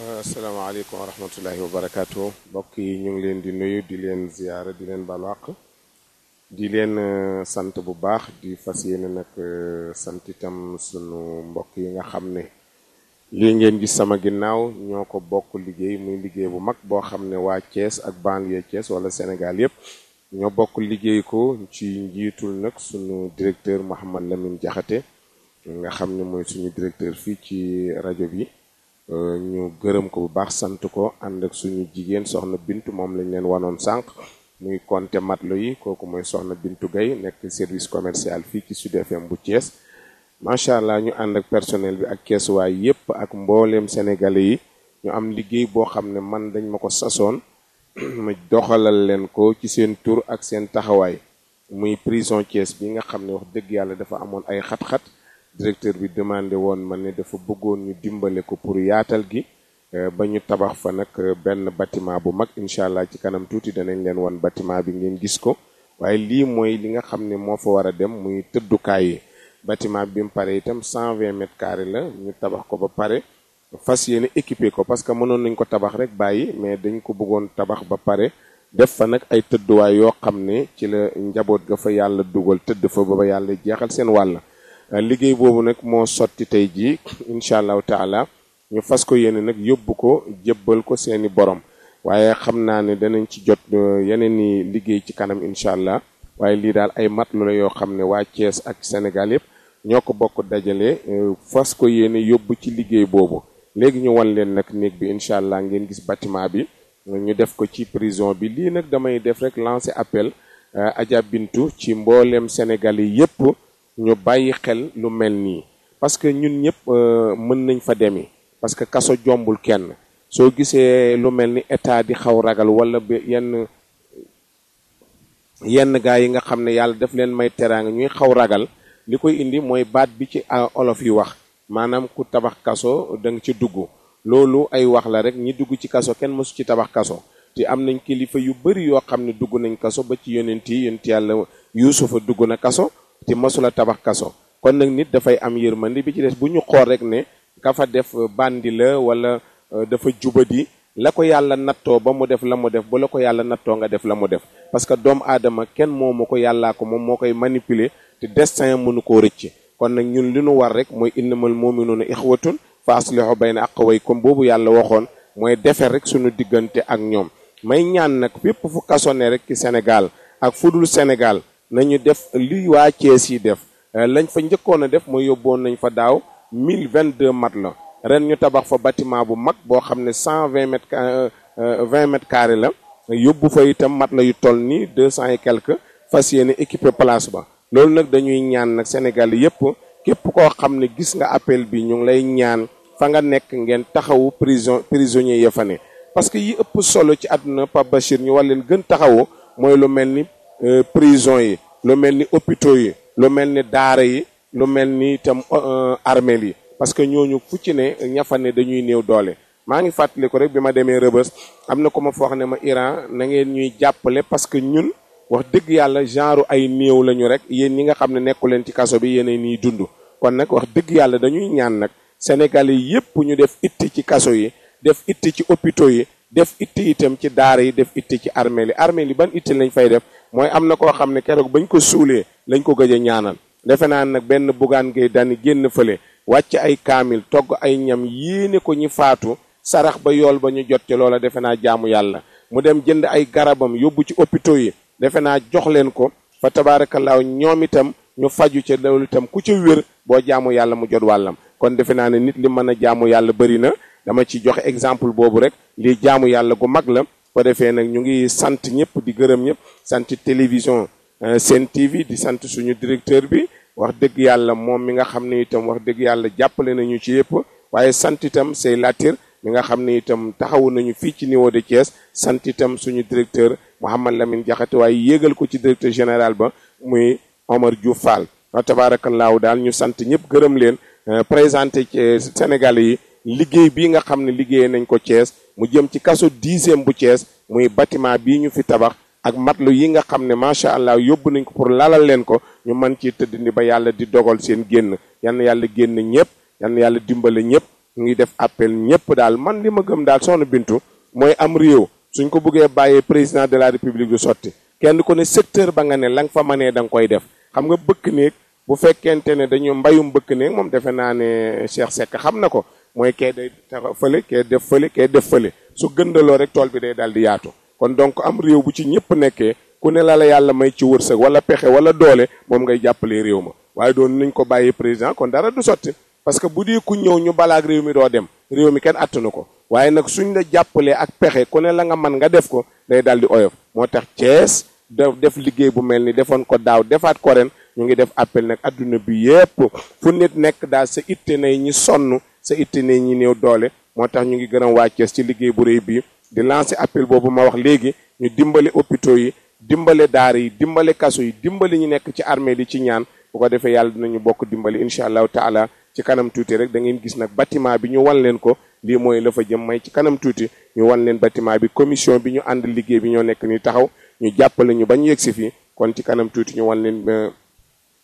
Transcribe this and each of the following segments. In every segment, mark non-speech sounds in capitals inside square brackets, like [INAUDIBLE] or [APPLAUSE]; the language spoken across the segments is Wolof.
Euh, asalaamaaleykum wa rahmatullahi wa barakaatu mbokk yi ñu ngi leen di nuyu di leen ziyaara di leen balwaq di leen euh, sant bu baax di fas yéene nag euh, sant itam sunu mbokk yi nga xam ne lii ngeen gis sama ginnaaw ñoo ko bokk liggéey muy liggéey bu mag boo xam ne waa cees ak banlieue cees wala Sénégal yépp ñoo bokk liggéey ko ci njiitul nag sunu directeur Mouhamad Lamine Diakhaté nga xam ne mooy suñu directeur fii ci rajo bi ñu gërëm ko bu baax sant ko ànd ak suñu jigéen soxna bint moom lañ leen wanoon sànq muy konte matlo yi kooku mooy soxna Bintu gay nekk service commercial fii ci Sud FM bu cees macha allah ñu ànd ak personnel bi ak keesuwaay yépp ak mbooleem sénégalais yi ñu am liggéey boo xam ne man dañ ma ko sasoon [CLEARS THROAT] ma doxalal leen ko ci seen tur ak seen taxawaay muy prison Thiès bi nga xam ne wax dëgg yàlla dafa amoon ay xat-xat directeur bi demande woon ma ne dafa bëggoon ñu dimbale ko pour yaatal gi euh, ba ñu tabax fa nag euh, benn bâtiment bu mag incha allah ci kanam tuuti danañ leen wan bâtiment bi ngeen gis ko waaye lii mooy li nga xam ne moo fa war a dem muy tëddukaay yi bâtiment bi mu pare itam 120 mètres carrés la ñu tabax ko ba pare fas yéene équipé ko parce que mënoon nañ ko tabax rek bàyyi mais dañ ko bëggoon tabax ba pare def fa nag ay tëdduwaay yoo xam ne ci la njaboot ga fa yàlla dugal tëdd fa ba yàlla jeexal seen wàll Euh, liggéey boobu nag moo sotti tey jii incha allahu taala ñu fas ko yéene nag yóbbu ko jébbal ko seeni borom waaye xam naa ne danañ ci jot euh, yeneen i liggéey ci kanam incha allah waaye lii daal ay matlu la yoo xam ne waa Thiès ak Sénégal yëpp ñoo ko bokk dajale euh, fas ko yéene yóbbu ci liggéey boobu léegi ñu wan leen nag néeg bi incha allah ngeen gis bâtiment bi ñu def ko ci prison bi lii nag damay def rek lancer appel Adja Bintu ci mbooleem Sénégal yi yëpp ñu bàyyi xel lu mel nii parce que ñun ñëpp euh, mën nañ fa demi parce que kaso jombul kenn soo gisee lu mel ni état di xaw ragal wala yenn yenn gaa yi nga xam ne yàlla daf leen may teraanga ñuy xaw ragal li koy indi mooy baat bi ci olof yi wax maanaam ku tabax kaso da ci dugg loolu ay wax la rek ñi dugg ci kaso kenn mësu ci tabax kaso te am nañ kilifa yu bari yoo xam ne dugg nañ kaso ba ci yonent yi yonent yàlla yuusufa dugg na kaso te masula tabax kaso kon nag nit dafay am yërmande bi ci des bu ñu xool rek ne ka def bandi la wala euh, dafa jubadi la ko yàlla nattoo ba mu def la mu def ba la ko yàlla nattoo nga def la mu def parce que doomu aadama kenn moomu ko yàllaa ko moom moo koy manipuler te destin mënu koo rëcc kon nag ñun li nu war rek mooy moom noonu innamal mu'minuuna ixwatun fa aslihu bayna aqwaykum boobu yàlla waxoon mooy defer rek suñu diggante ak ñoom may ñaan nag fépp fu kaso rek ci Sénégal ak fu Sénégal nañu def luy waa Thiès yi def eh, lañ fa njëkkoon a def mooy yóbboon nañ fa daaw mille vingt deux mat la ren ñu tabax fa bâtiment bu mag boo xam ne cent vingt mètres euh, euh, vingt mètres la yóbbu fa itam mat la yu toll ni deux cent yi quelque fas yéene équipé place ba loolu nag dañuy ñaan nag Sénégal yépp képp koo xam ne gis nga appel bi ñu ngi lay ñaan fa nga nekk ngeen taxawu prison prisonnier ya fa ne parce que yi ëpp solo ci àdduna Pape Bachir ñu war leen gën taxawoo mooy lu mel ni Euh, prison yi lu mel ni hôpitaux yi lu mel ni daara yi lu mel ni itam euh, euh, armeel yi parce que ñooñu fu ci ne ñafa ne dañuy néew doole maa ngi fàttaliku rek bi ma demee Rëbës am na ko ma foo xam ne ma Iran na ngeen ñuy jàppale parce que ñun wax dëgg yàlla genre ay néew lañu rek yéen ñi nga xam ne nekku leen ci kaso bi yéenay nii dund kon nag wax dëgg yàlla dañuy ñaan nag sénégal yi yépp ñu def itti ci kaso yi def itti ci hôpitaux yi def itti itam ci daara yi def itti ci armeel yi armeel yi ban itti lañ fay def mooy am na koo xam ne keroog bañ ko suulee lañ ko gëj a ñaanal defe naa nag benn bugaan ngay dani génn fële wàcc ay kaamil togg ay ñam yéene ko ñi faatu sarax ba yool ba ñu jot ci loola defe naa jaamu yàlla mu dem jënd ay garabam yóbbu ci hôpitaux yi defe naa jox leen ko fa tabaarakallaahu ñoom itam ñu faju ca loolu itam ku ca wér boo jaamu yàlla mu jot wàllam kon defe naa ne nit li mën a jaamu yàlla bëri na dama ci joxe exemple boobu rek lii jaamu yàlla gu mag la ko defee nag ñu ngi sant ñëpp di gërëm ñëpp sant télévision euh, Sen TV di sant suñu directeur bi wax dëgg yàlla moom mi nga xam ne itam wax dëgg yàlla jàppale nañu ci yëpp waaye sant itam say latir mi nga xam ne itam taxawu nañu fii ci niveau de Thiès sant itam suñu directeur Mouhamad Lamine Diakhaté waaye yéegal ko ci directeur général ba muy Omar Diouf Fall wa tabaarakallaahu daal ñu sant ñëpp gërëm leen euh, présenté sénégal yi liggéey bii nga xam ne liggéey nañ ko Thiès mu jëm ci kaso dixième bu Thiès muy bâtiment bii ñu fi tabax ak matlu yi nga xam ne macha allah yóbbu nañ ko pour lalal leen ko ñu mën ci tëdd ni ba yàlla di dogal seen génn yan yàlla génn ñëpp yan yàlla dimbale ñëpp ñu ngi def appel ñëpp daal man li ma gëm daal soxna Bintu mooy am réew suñ ko buggee bàyyee président de la république du sotti kenn ku ne secteur ba nga ne la nga fa mënee da nga koy def xam nga bëkk néeg bu fekkente ne dañu mbayum bëkk néeg moom defe naa ne Cheikh Seck xam na ko mooy kee day taxa fële kee def fële kee def fële su gëndaloo rek tool bi day daal di yaatu kon donc am réew bu ci ñëpp nekkee ku ne la la yàlla may ci wërsëg wala pexe wala doole moom ngay jàppale réew ma waaye doon nañ ko bàyyi président kon dara du sotti parce que bu dee ku ñëw ñu balaak réew mi doo dem réew mi kenn attanu ko waaye nag suñ la jàppalee ak pexe ku ne la nga man nga def ko day daal di oyof moo tax Thiès def def liggéey bu mel ni defoon ko daaw defaat ko ren ñu ngi def appel nag adduna bi yépp fu nit nekk daal sa itte nay ñi sonn sa itte ne néew doole moo tax ñu ngi gërëm waa Thiès ci liggéey bu réy bii di lancer appel boobu ma wax léegi ñu dimbale hôpitaux yi dimbale daar yi dimbale kaso yi dimbale ñu nekk ci armée li ci ñaan bu ko defee yàlla dinañu bokk dimbali incha allahu taala ci kanam tuuti rek da ngeen gis nag bâtiment bi ñu wan leen ko lii mooy la fa jëm may ci kanam tuuti ñu wan leen bâtiment bi commission bi ñu ànd liggéey bi ñoo nekk ni taxaw ñu jàppale ñu ba ñu yegg si fii kon ci kanam tuuti ñu wan leen euh,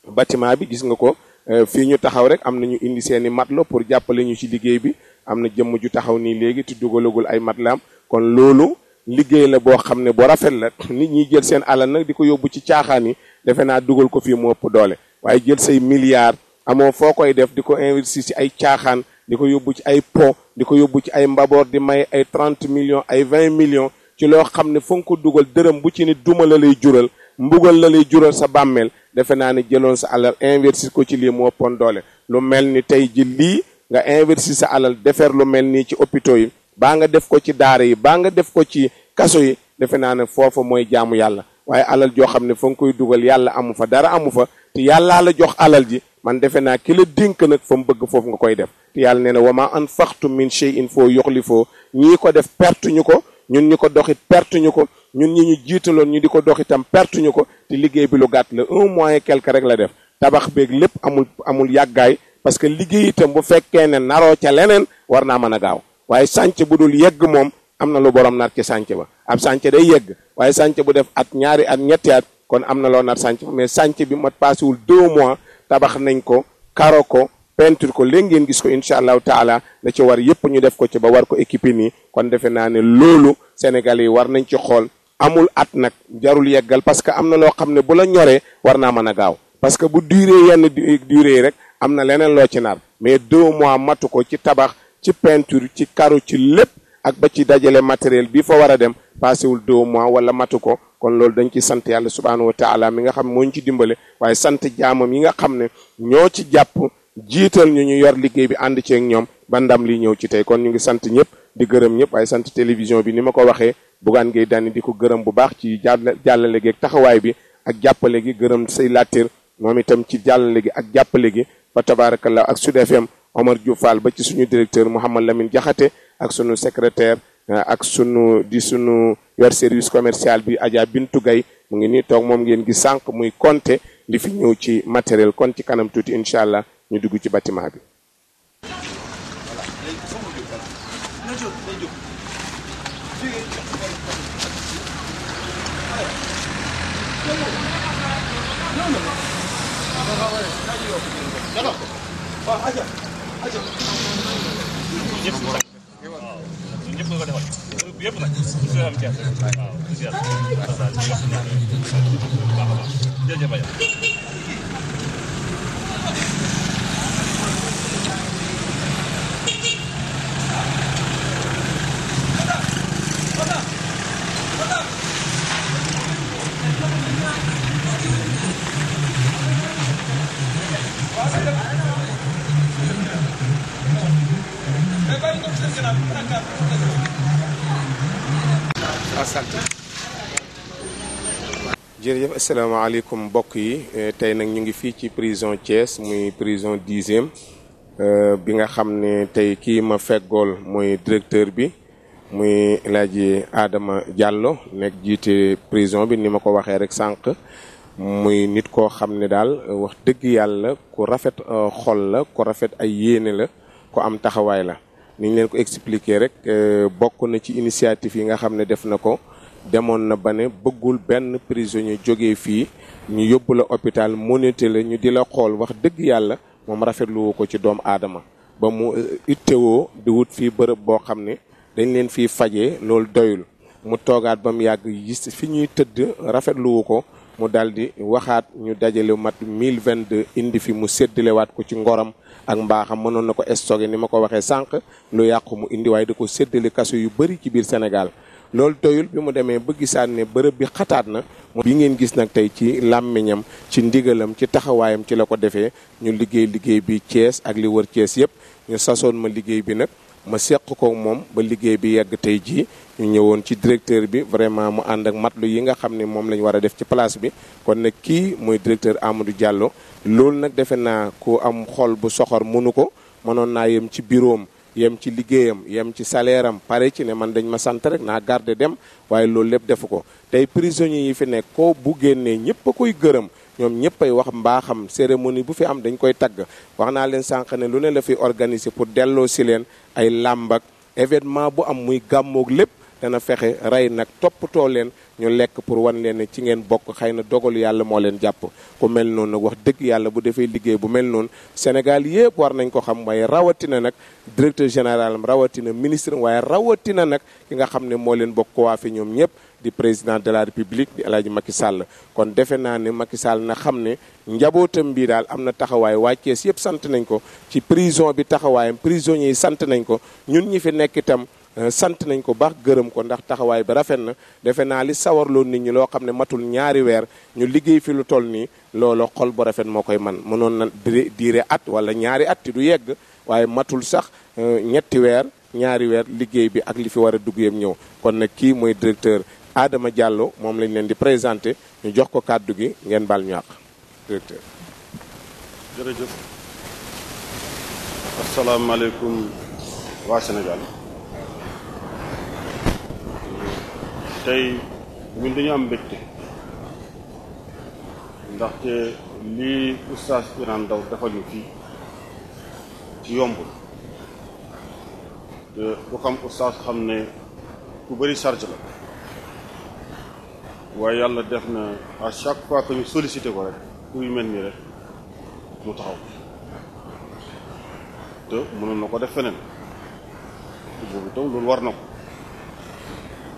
bâtiment bi gis nga ko Euh, fii ñu taxaw rek am na ñu indi seen i matlo pour jàppale ñu ci liggéey bi am na jëmm ju taxaw nii léegi te dugalagul ay matlaam kon loolu liggéey la boo xam ne boo rafet la nit ñi jël seen alal nag di ko yóbbu ci caaxaan yi defe naa dugal ko fii mu ëpp doole waaye jël say milliards amoo foo koy def di ko investir ci ay caaxaan di ko yóbbu ci ay po di ko yóbbu ci ay mbaboor di may ay trente millions ay vingt millions ci loo xam ne fa nga ko dugal dërëm bu ci ni duma lay jural mbugal la lay jural sa bàmmeel defe naa ne jëloon sa alal investir ko ci lii moo pon doole lu mel ni tey ji lii nga investir sa alal defer lu mel nii ci hôpitaux yi baa nga def ko ci daara yi baa nga def ko ci kaso yi defe naa ne foofa mooy jaamu yàlla waaye alal joo xam ne fa nga koy dugal yàlla amu fa dara amu fa te la jox alal ji man defe naa ki la dénk nag fa mu bëgg foofu nga koy def te yàlla nee na wa ma anfaqtum min shay'in foo yoxli foo ñii ko def perte ñu ko ñun ñu ko doxit perte ñu ko ñun ñi ñu jiitaloon ñu di ko dox itam perte ñu ko te liggéey bi lu gàtt la un mois et quelque rek la def tabax beeg lépp amul amul yàggaay parce que liggéey itam bu fekkee ne naroo ca leneen war naa mën a gaaw waaye sànc bu dul yegg moom am na lu borom nar ci sànc ba ab sànc day yegg waaye sànc bu def at ñaari at ñetti at kon am na loo nar sànc mais sànc bi mat paasewul deux mois tabax nañ ko karo ko peinture ko léegi ngeen gis ko incha allahu taala la ci war yépp ñu def ko ci ba war ko équiper nii kon defe naa ne loolu Sénégal yi war nañ ci xool amul at nag jarul yeggal parce que am na loo xam ne bu la ñoree war naa mën a gaaw parce que bu durée yenn durée yi rek am na leneen loo ci nar mais deux mois matu ko ci tabax ci penture ci karo ci lépp ak ba ci dajale matériel bi fa war a dem passewul deux mois wala matu ko kon loolu dañ ci sant yàlla subhaanahu wa taala mi nga xam moo ñu ci dimbale waaye sant yi nga xam ne ñoo ci jàpp jiital ñu ñu yor liggéey bi ànd ceek ñoom ba ndam li ñëw ci tey kon ñu ngi sant ñëpp di gërëm ñëpp waaye sant télévision bi ni ma ko waxee Bougane Gueye Dany di ko gërëm bu baax ci jàll jàllale gi ak taxawaay bi ak jàppale gi gërëm say latir moom itam ci jàllale gi ak jàppale gi fa tabaarakallah ak Sud FM Omar Diouf ba ci suñu directeur Mouhamad Lamine Diakhaté ak suñu secrétaire eh, ak sunu di sunu yor service commercial bi Adja Bintu Gaye mu ngi nii toog moom ngeen gi sànq muy compter di fi ñëw ci matériel kon ci kanam tuuti incha allah ñu dugg ci bâtiment bi. waaw aja aja ñëpp ñëpp nga ko defal yëpp nag su am ceeb waaw si yàlla daal yëpp nag baax a baax jërëjëf jërëjëf asalaamaaleykum mbokk yi eh, tey nag ñu ngi fii ci prison Thiès muy prison dixième eh, bi nga xam ne tey kii ma feggool muy directeur bi muy El Hadji Adama Diallo nekk jiite prison bi ni ma ko waxee rek sànq muy nit koo xam ne daal wax dëgg yàlla ku rafet eh, xol la ku rafet ay yéene la ku am taxawaay la. ni ñu leen ko expliquer rek euh, bokk na ci initiative yi nga xam ne def na ko demoon na ba ne bëggul benn prisonnier jóge fii ñu yóbbu la hôpital monité ñu di la xool wax dëgg yàlla moom rafetluwu ko ci doomu aadama ba mu euh, ittewoo di wut fii bërëb boo xam ne dañ leen fiy faje loolu doyul mu toogaat ba mu yàgg gis fi ñuy tëdd rafetluwu ko mu daal di waxaat ñu dajale mat mille vingt deux indi fi mu seddalewaat ko ci ngoram ak mbaaxam mënoon na ko stocké ni ma ko waxee sànq lu yàqu mu indi waaye da ko séddale kaso yu bëri ci biir Sénégal loolu doyul bi mu demee ba gisaat ne bërëb bi xataat na bi ngeen gis nag tey ci làmmiñam ci ndigalam ci taxawaayam ci la ko defee ñu liggéey liggéey bi cees ak li wër Thiès yëpp ñu sasoon ma liggéey bi nag ma seq ko moom ba liggéey bi yegg tey jii ñu ñëwoon ci directeur bi vraiment mu ànd ak matlu yi nga xam ni moom la ñu war a def ci place bi kon nag kii mooy directeur Amadou jàlloo loolu nag defe naa ko am xol bu soxor mënu ko mënoon naa yem ci bureau yem ci liggéeyam yem ci salaire am pare ci ne man dañ ma sant rek naa garde dem waaye loolu lépp defu ko tey prisonniers yi fi nekk koo bu génnee ñëpp a koy gërëm ñoom ñëpp ay wax mbaaxam cérémonie bu fi am dañ koy tagg wax naa leen sànq ne lu ne la fi organiser pour delloo si leen ay làmbak événement bu am muy gàmmoog lépp dana fexe rey nag toppatoo leen ñu lekk pour wan leen ne ci ngeen bokk xëy na dogalu yàlla moo leen jàpp ku mel noonu nag wax dëgg yàlla bu defee liggéey bu mel noonu Sénégal yëpp war nañ ko xam waaye rawatina nag directeur général am rawatina ministre waaye rawatina nag ki nga xam ne moo leen bokk waa fi ñoom ñëpp di président de la république di El Hadj Macky Sall kon defe naa ne Macky Sall na xam ne njabootam bii daal am na taxawaay waa Thiès yëpp sant nañ ko ci prison bi taxawaayam prisonniers yi sant nañ ko ñun ñi fi nekk itam. Euh, sant nañ ko baax gërëm ko ndax taxawaay bi rafet na defe naa li sawarloo nit ñi loo xam ne matul ñaari weer ñu liggéey fi lu toll nii loolu xol bu rafet moo koy man mënoon na diire at wala ñaari at ti du yegg waaye matul sax euh, ñetti weer ñaari weer liggéey bi ak li fi war a dugg yëpp ñëw kon nag kii mooy directeur Adama jàlloo moom lañ leen di présenté ñu jox ko kàddu gi ngeen baal ñu àq directeur. jërëjëf asalaamaaleykum waa Sénégal. tey ñun dañu am mbégte ndaxte lii oustaz Iran Ndao defal ñu fii ci yombul te ku xam oustaz xam ne ku bëri charge la waaye yàlla def na à chaque pois que ñu sollicité ko rek pour yu mel nii rek mu taxaw te mënoon na ko def feneen te boobu tam loolu war na ko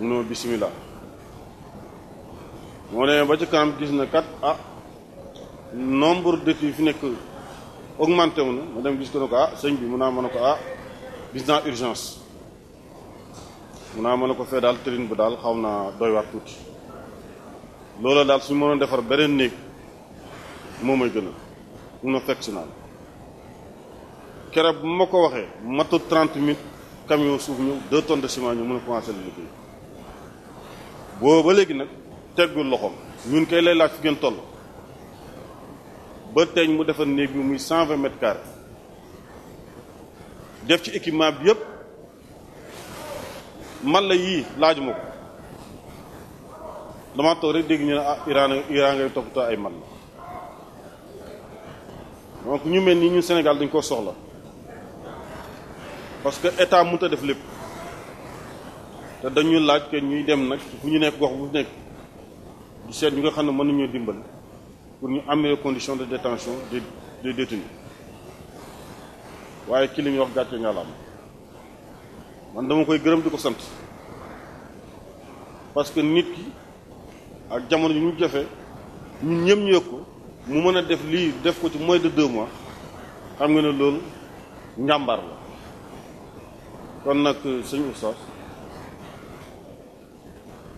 munoo bisimilah moo ne ba ci kanam gis na kat ah nombre d'études fi nekk augmenté wu na ma dem gis ko ne ko ah sëñ bi mun naa mën a ko ah gis naa urgence mun naa mën a ko fee daal tërin bu daal xaw naa doy waat tuuti loola daal suñu mënoon defar beneen néeg moo may gën a mun na fekk si naa kere bu ma ko waxee matul 30 minutes camion suuf ñëw 2 tonnes de ciment ñu mun a commencé liggéey booba léegi nag teggul loxoom ñun kay lay laaj fi ngeen toll ba teñ mu defar néeg bi muy cent vingt mètres carrés def ci équipement bi yëpp man la yii laajuma ko damaa toog rek dégg ñu ne ah Iran Iran ngay toppatoo ay man la donc ñu mel nii ñun Sénégal dañ koo soxla parce que état mënut def lépp. te dañu laaj que ñuy dem nag bu ñu nekk gox bu nekk di seet ñu nga xam ne mën nañoo dimbal pour ñu amee condition de détention des des détenus waaye ki li ñuy wax gàcce nga man dama koy gërëm di ko sant parce que nit ki ak jamono yu ñu jafe ñun ñëpp ñu yëg ko mu mën a def lii def ko ci moins de deux mois xam nga ne loolu njàmbaar la kon nag sëñ oustaz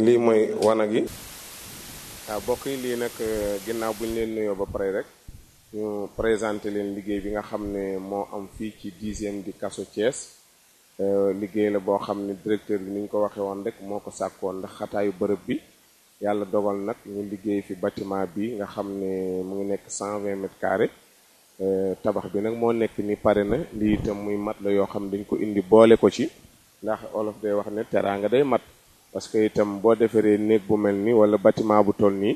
lii mooy wanag yi waaw bokk yi lii nag euh, ginnaaw bu leen nuyoo ba pare rek ñu présenté leen liggéey bi nga xam ne moo am fii ci dixième di kaso Thiès euh, liggéey la boo xam ne directeur bi ni ko waxee woon rek moo ko sàkkoon ndax xataayu bërëb bi yàlla dogal nag ñu liggéey fi bâtiment bi nga xam ne mu ngi nekk 120 mètres carrés euh, tabax bi nag moo nekk ni pare na lii itam muy mat la yoo xam ne dañ ko indi boole ko ci ndax olof day wax ne nga day mat parce que itam boo defaree néeg bu mel nii wala bâtiment bu toll nii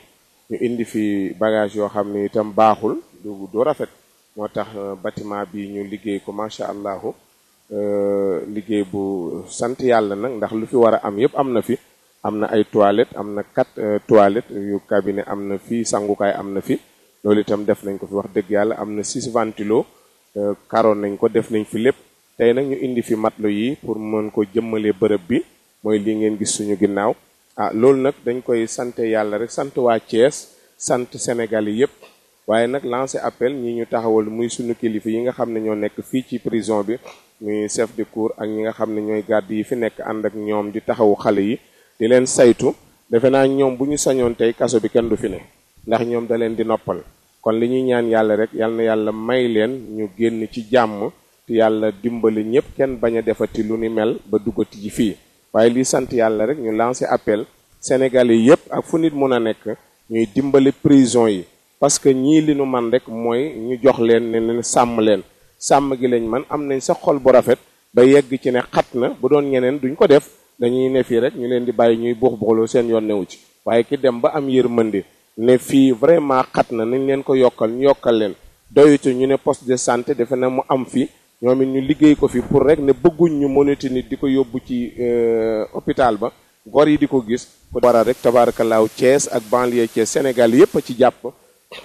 ñu indi fi bagage yoo xam ne itam baaxul du rafet moo tax euh, bâtiment bi ñu liggéey ko macha allahu euh, liggéey bu sant yàlla nag ndax lu fi war a am yépp am na fi am na ay toilettes am na quatre euh, toilettes yu cabinet am na fi sangukaay am na fi loolu itam def nañ ko fi wax dëgg yàlla am na six ventilo karoon nañ ko def nañ fi lépp tey nag ñu indi fi matlo yi pour mën ko jëmmalee bërëb bi moy li ngeen gis suñu ginnaw ah lool nak dañ koy sante yalla rek sante wa Thiès sante Sénégal yépp waaye nak lancer appel ñi ñu taxawal muy suñu kilifa yi nga xam ne ñoo nekk ci prison bi muy chef de cour ak ñi nga xam ñoy ñooy yi fi nekk and ak ñom di taxaw xalé yi di len saytu defe naa ñoom bu ñu sañoon tey kaso bi kenn du fi ne ndax ñom da len di noppal kon li ñi ñaan yalla rek yalla na may len ñu genn ci jamm te yalla dimbali ñepp kenn baña defati lu ni mel ba ji fi waaye li sant yàlla rek ñu lancé appel sénégalais yépp ak fu nit mun a nekk ñuy prison parce que ñii li nu man rek mooy ñu jox leen ne leen leen gi lañ man am nañ sa xol bu ne bu doon ko def dañuy ne fii rek ñu leen di ñuy seen ci ki dem ba vraiment na leen ko yokkal ñu leen ñu poste de santé am ñoom ñu liggéey ko fii pour rek ne bëgguñ ñu monité nit di ko yóbbu ci euh, hôpital ba gor yi di ko gis ku waral rek tabarkalaaw cees ak banlieue Thiès Sénégal yépp a ci jàpp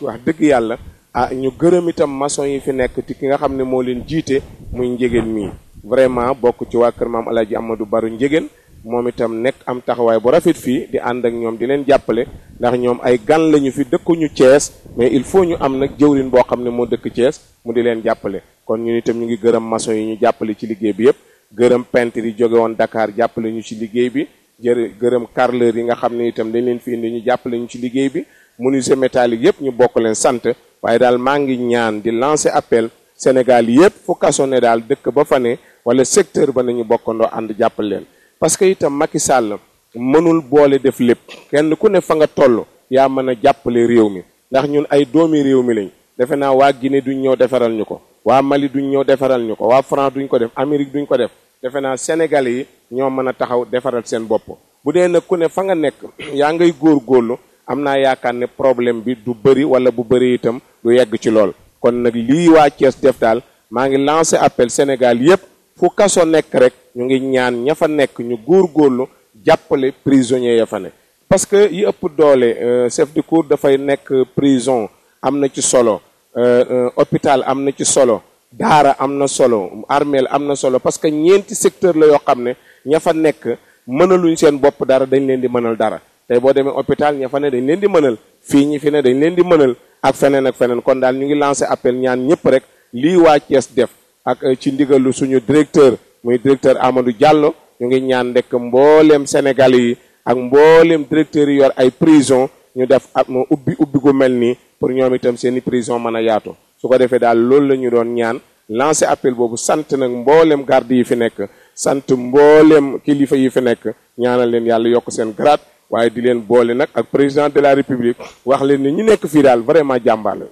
wax dëgg yàlla ah ñu gërëm itam maçon yi fi nekk ti ki nga xam ne moo leen jiite muy njegéen mii vraiment bokk ci waa kër maam ma du Baru njegéen moom itam nekk am taxawaay bu rafet fii di ànd ak ñoom di leen jàppale ndax ñoom ay gan lañu fi dëkkuñu Thiès mais il faut ñu am nag jëwrin boo xam ne moo dëkk Thiès mu di leen jàppale kon ñun itam ñu ngi gërëm maçon yi ñu jàppale ci liggéey bi yépp gërëm peintre yi jóge woon Dakar jàppale ñu ci liggéey bi jërë gërëm carreleur yi nga xam ne itam dañ leen fi indi ñu jàppale ñu ci liggéey bi menuisier métallique yépp ñu bokk leen sant waaye daal maa ngi ñaan di lancé appel Sénégal yépp fu kaso ne daal dëkk ba fa ne wala secteur ba ñu bokkandoo ànd jàppale leen parce que itam Macky Sall mënul boole def lépp kenn ku ne fa nga toll yaa mën a jàppale réew mi ndax ñun ay doomi réew mi lañ defe naa waa Guinée duñ ñëw defaral ñu ko waa Mali duñ ñëw defaral ñu ko waa France duñ ko def Amérique duñ ko def defe naa Sénégalais yi ñoo mën a taxaw defaral seen bopp bu dee nag ku ne fa nga nekk yaa ngay góorlu am naa yaakaar ne problème bi du bëri wala bu bëri itam du yegg ci lool kon nag lii waa cees def daal maa ngi lancé appel Sénégal yépp fu kaso nekk rek ñu ngi ñaan ña fa nekk ñu góor góorlu jàppale prisonniers ya fa ne parce que yi ëpp doole euh, chef de cour dafay nekk prison am na ci solo Euh, euh, hôpital am na ci solo daara am na solo armeel am na solo parce que ñeenti secteur la yoo xam ne ña fa nekk mënaluñ seen bopp dara dañ leen di mënal dara tey boo demee hôpital ña fa ne dañ leen di mënal fii ñi fi ne dañ leen di mënal ak feneen ak feneen kon daal ñu ngi lancé appel ñaan ñëpp rek lii waa Thiès def ak euh, ci ndigalu suñu directeur muy directeur Amadou Diallo ñu ngi ñaan ndekk mbooleem Sénégal yi ak mbooleem directeur yi yor ay prison ñu def ab ubbi ubbi gu mel nii pour ñoom itam seen prison mën a yaatu su ko defee daal loolu la ñu doon ñaan lancé appel boobu sant nag mboolem garde yi fi nekk sant mboolem kilifa yi fi nekk ñaanal leen yàlla yokk seen grade waaye di leen boole nag ak président de la république wax leen ni ñi nekk fii daal vraiment jàmbaar lañu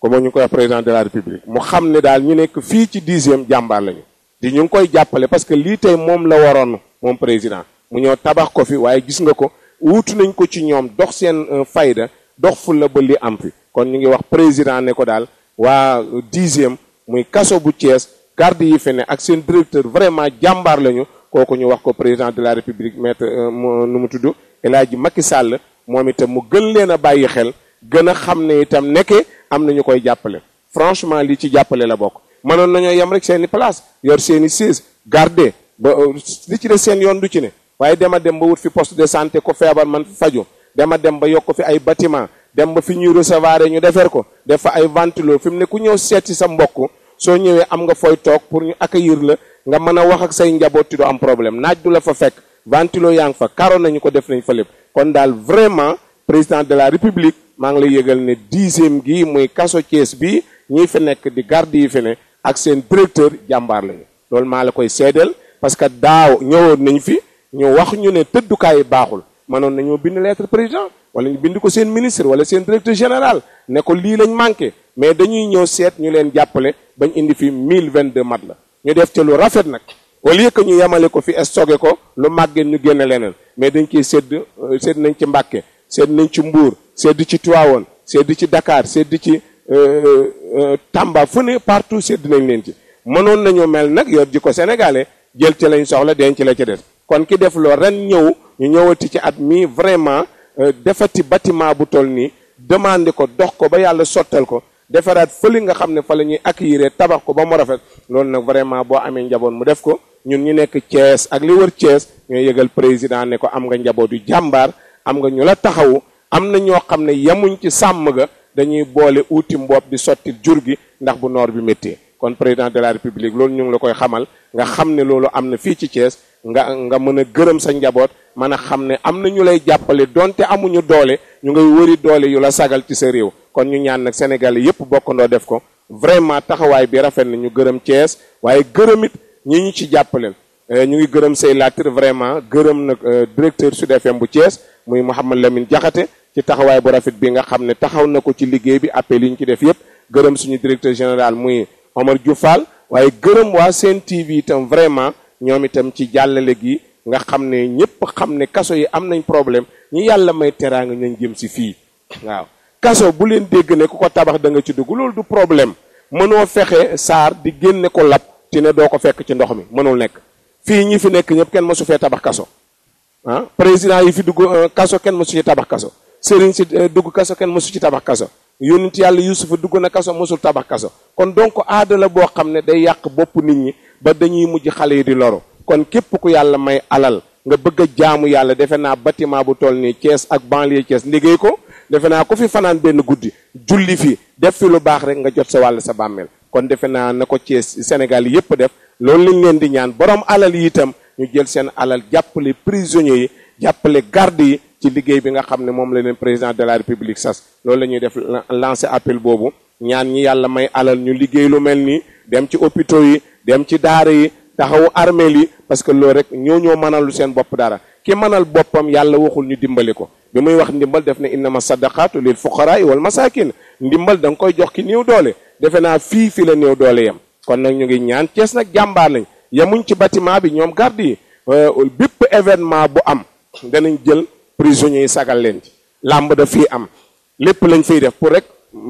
comme ñu koy wax président de la république mu xam ne daal ñu nekk fii ci dixième jàmbaar lañu di ñu ngi koy jàppale parce que lii tey moom la waroon moom président mu ñëw tabax ko fi waaye gis nga ko wuutu nañ ko ci ñoom dox seen euh, fayda dox la ba li am fi kon ñu ngi wax président ne ko daal waa dixième muy kaso bu Thiès garde yi fi ne ak seen directeur vraiment jàmbaar lañu kooku ñu wax ko président de la république maître euh, nu mu tudd El Macky Sall moom itam mu gën leen a bàyyi xel gën a xam ne itam nekke am na ñu koy jàppale franchement li ci jàppale la bokk mënoon nañoo yem rek seen i place yor seen i siège garde ba euh, li ci de seen yoon du ci ne waaye dema dem ba wut fi poste de santé ko feebar man faju dama dem ba yokk fi ay batiment dem ba fi ñuy recevoir ñu defer ko def fa ay ventilo fi mu ne ku ñëw seeti sa mbokk soo ñëwee am nga fooy toog pour ñu accueillir la nga mën a wax ak say njabooti doo am problème naaj du la fa fekk ventilo yaa fa karo nañu ko def nañ fa lépp kon daal vraiment président de la république maa ngi lay yëgal ne dixième gi muy kaso Thiès bi ñuy fi nekk di garde yi fi ne ak seen directeur jàmbaar lañu loolu maa la koy seedeel parce que daaw ñëwoon nañ fi ñu wax ñu ne tëddukaay baaxul manoon nañoo bind lettre président wala ñu bind ko seen ministre wala seen directeur général ne ko lii lañ manqué mais dañuy ñëw seet ñu leen jàppale bañ indi fi 1022 mat la ñu def ca lu rafet nag wala lieu que ñu yemale ko fi stocké ko lu màggee ñu génne leneen mais dañ kee sédd euh, sédd nañ ci Mbàkke sédd nañ ci Mbuur sédd ci Tiwaawoon sédd ci Dakar sédd ci euh, euh, Tamba fu ne partout sédd nañ leen ci mënoon nañu mel nag yor ji ko sénégalais jël ci lañ soxla denc la ca kon ki def loo ren ñëw ñu ñëwati ci at mi vraiment euh, defati bâtiment bu toll nii demandé ko dox ko ba yàlla sottal ko defaraat fëli nga xam ne fa la ñuy accueillir tabax ko ba mu rafet loolu nag vraiment boo amee njaboot mu def ko ñun ñu nekk Thiès ak li wër Thiès ñooy yëgal président ne ko am nga njaboot yu jàmbaar am nga ñu la taxawu am na ñoo xam ne yemuñ ci sàmm ga dañuy boole uuti mboop di sotti jur gi ndax bu noor bi méttee kon président de la république loolu ñu ngi la koy xamal nga xam ne loolu am na fii ci Thiès nga nga mën a gërëm sa njaboot mën a xam ne am na ñu lay jàppale donte amuñu doole ñu ngay wëri doole yu la sagal ci sa réew kon ñu ñaan nag Sénégal yépp bokkandoo def ko vraiment taxawaay bi rafet na ñu gërëm Thiès waaye gërëmit ñi ñu ci jàppale eh, ñu ngi gërëm say latir vraiment gërëm nag euh, directeur Sud FM bu Thiès muy Mouhamed Lamine jaxate ci taxawaay bu rafet bi nga xam ne taxaw na ko ci liggéey bi appel yi ñu ci def yépp gërëm suñu directeur général muy Omar Diouf Fall waaye gërëm waa Sen TV itam vraiment ñoom itam ci jàllale gi nga xam ne ñëpp xam ne kaso yi am nañ problème ñu yàlla may teraanga nañ jëm si fii waaw kaso bu leen dégg ne ku ko tabax da nga ci dugg loolu du problème mënoo fexe saar di génne ko lab ti ne doo ko fekk ci ndox mi mënul nekk fii ñi fi nekk ñëpp kenn mësu fee tabax kaso ah président yi fi dugg euh, kaso kenn mësu ci tabax kaso sëriñ si euh, dugg kaso kenn mësu ci tabax kaso yónent yàlla yusufa dugg na kaso mosul tabax kaso kon donc aadala la boo xam ne day yàq bopp nit ñi ba dañuy mujj xale yi di loro kon képp ku yàlla may alal nga bëgg a jaamu yàlla defe naa bâtiment bu toll nii cees ak banlieue Thiès liggéey ko defe naa ko fi fanaan benn guddi julli fi def fi lu baax rek nga jot sa wàll sa bàmmeel kon defe naa na ko cees Sénégal yépp def loolu lañ leen di ñaan borom alal yi itam ñu jël seen alal jàppale prisonniers yi jàppale garde yi ci liggéey bi nga xam ne moom la leen président de la république sas loolu la ñuy def lancé appel boobu ñaan ñi yàlla may alal ñu liggéey lu mel nii dem ci hôpitaux yi dem ci daara yi taxawu armeel yi parce que loolu rek ñoo ñoo mënalu seen bopp dara ki mënal boppam yàlla waxul ñu dimbali ko bi muy wax ndimbal def na inna ne innama sadaqaatu lil fuqaraa wal masaakin ndimbal da nga koy jox ki néew doole defe naa fii fi la néew doole yem kon nag ñu ngi ñaan Cees nag jàmbaar ci bâtiment bi ñoom garde yi euh, bu am danañ jël prisonniers yi sagal leen ci làmb da fii am lépp lañ fiy def pour rek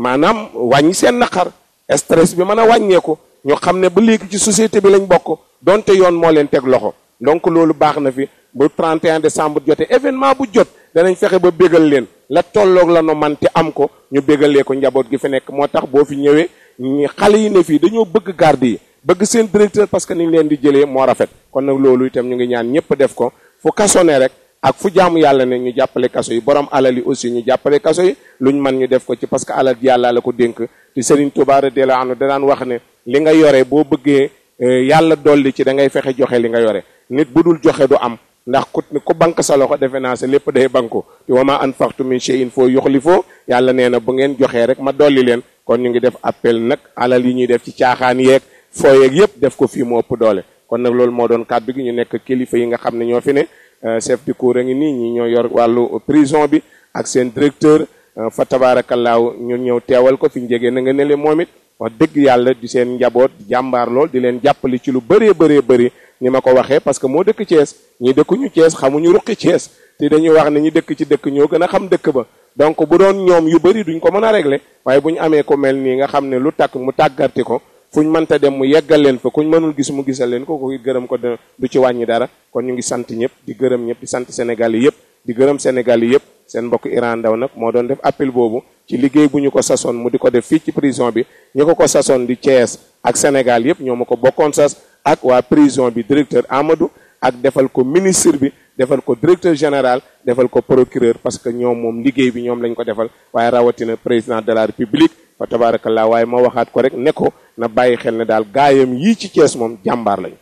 maanaam wàññi seen naqar stress bi mën a wàññeeku ñu xam ne ba léegi ci société bi lañ bokk donte yoon moo leen teg loxo donc loolu baax na fi bu de décembre jotee événement bu jot danañ fexe ba bégal leen la tolloog la no mante am ko ñu bégalee ko njaboot gi fi nekk moo tax boo fi ñëwee ñi xale yi ne fii dañoo bëgg garde yi bëgg seen directeur parce que niñ leen di jëlee moo rafet kon nag loolu itam ñu ngi ñaan ñëpp def ko fu kaso rek ak fu jaamu yàlla ne ñu jàppale kaso yi borom alal yi aussi ñu jàppale kaso yi luñ man ñu def ko ci parce que alal yàlla la ko dénk te Serigne Touba radiyallahu na danaan wax ne li nga yore boo bëggee eh, yàlla dolli ci da ngay fexe joxe li nga yore nit bu dul joxe du am ndax ku ku bank sa loxo defe naa sa lépp day banku te wa ma anfaqtu min shay'in foo yoxli foo yàlla nee na bu ngeen joxee rek ma dolli leen kon ñu ngi def appel nag alal yi ñuy def ci caaxaan yeeg foo yeeg yépp def ko fii mu ëpp doole kon ñu nekk kilifa yi nga xam ne ñoo fi ne Euh, chef de cour a ngi nii ñi ñoo yor wàllu prison bi ak seen directeur euh, fa tabaarakallaahu ñu ñëw teewal ko fi njegee na nga ne moom it wax dëgg yàlla di seen njaboot jàmbaar lool di leen jàppale ci lu bëree bëree bëri ni ma ko waxee parce que moo dëkk Thiès ñi dëkkuñu Thiès xamuñu ruqi Thiès te dañuy wax ne ñu dëkk ci dëkk ñoo gën a xam dëkk ba donc bu doon ñoom yu bëri duñ ko mën a régler waaye bu ñu amee ko mel nii nga xam ne lu takk mu tàggarte ko fuñ mënta dem mu yeggal leen fa kuñ mënul gis mu gisal leen ko ko it gërëm ko du ci wàññi dara kon ñu ngi sant ñëpp di gërëm ñëpp di sant sénégal yi yëpp di gërëm sénégal yi yëpp seen mbokk iran daw nag moo doon def appel boobu ci liggéey bu ñu ko sasoon mu di ko def fii ci prison bi ñu ko ko sasoon di Thiès ak sénégal yëpp ñoo ma ko bokkoon sas ak waa prison bi directeur amadou ak defal ko ministre bi defal ko directeur général defal ko procureur parce que ñoom moom liggéey bi ñoom lañ ko defal waaye rawatina président de la république fa tabaarakallaa waaye ma waxaat ko rek ne ko na bàyyi xel ne daal gaayam yii ci Thiès moom jàmbaar lañu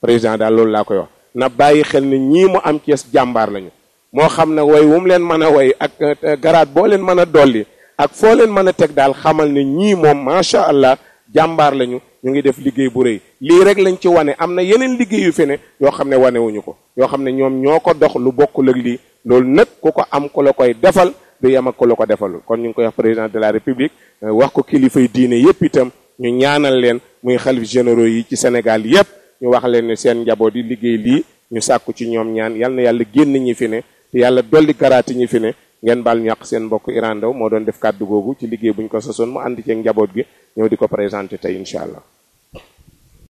président daal loolu laa koy wax na bàyyi xel ne ñii mu am Thiès jàmbaar lañu moo xam ne way leen mën a way ak euh, garaat boo leen mën a dolli ak foo leen mën a teg daal xamal ne ñii moom macha allah jàmbaar lañu ñu ngi def liggéey bu rëy lii rek lañ ci wane am na yeneen liggéeyu fi ne yoo xam ne wanewuñu ko yoo xam ne ñoom ñoo ko dox lu bokkul ak loolu nag ku ko am ku la koy defal du yem ak la ko defalul kon ñu ngi koy wax président de la république euh, wax ko kilifay diine yépp itam ñu ñaanal leen muy xalif généraux yi ci Sénégal yépp ñu wax leen ne seen njaboot yi liggéey lii ñu sàkku ci ñoom ñaan yal na yàlla génn ñi fi ne te yàlla dolli garaati ñi fi ne ngeen baal ñu yàq seen mbokk Iran Ndao moo doon def kàddu googu ci liggéey buñ ko sosoon mu ànd ceeg njaboot gi ñëw di ko présenté tey incha allah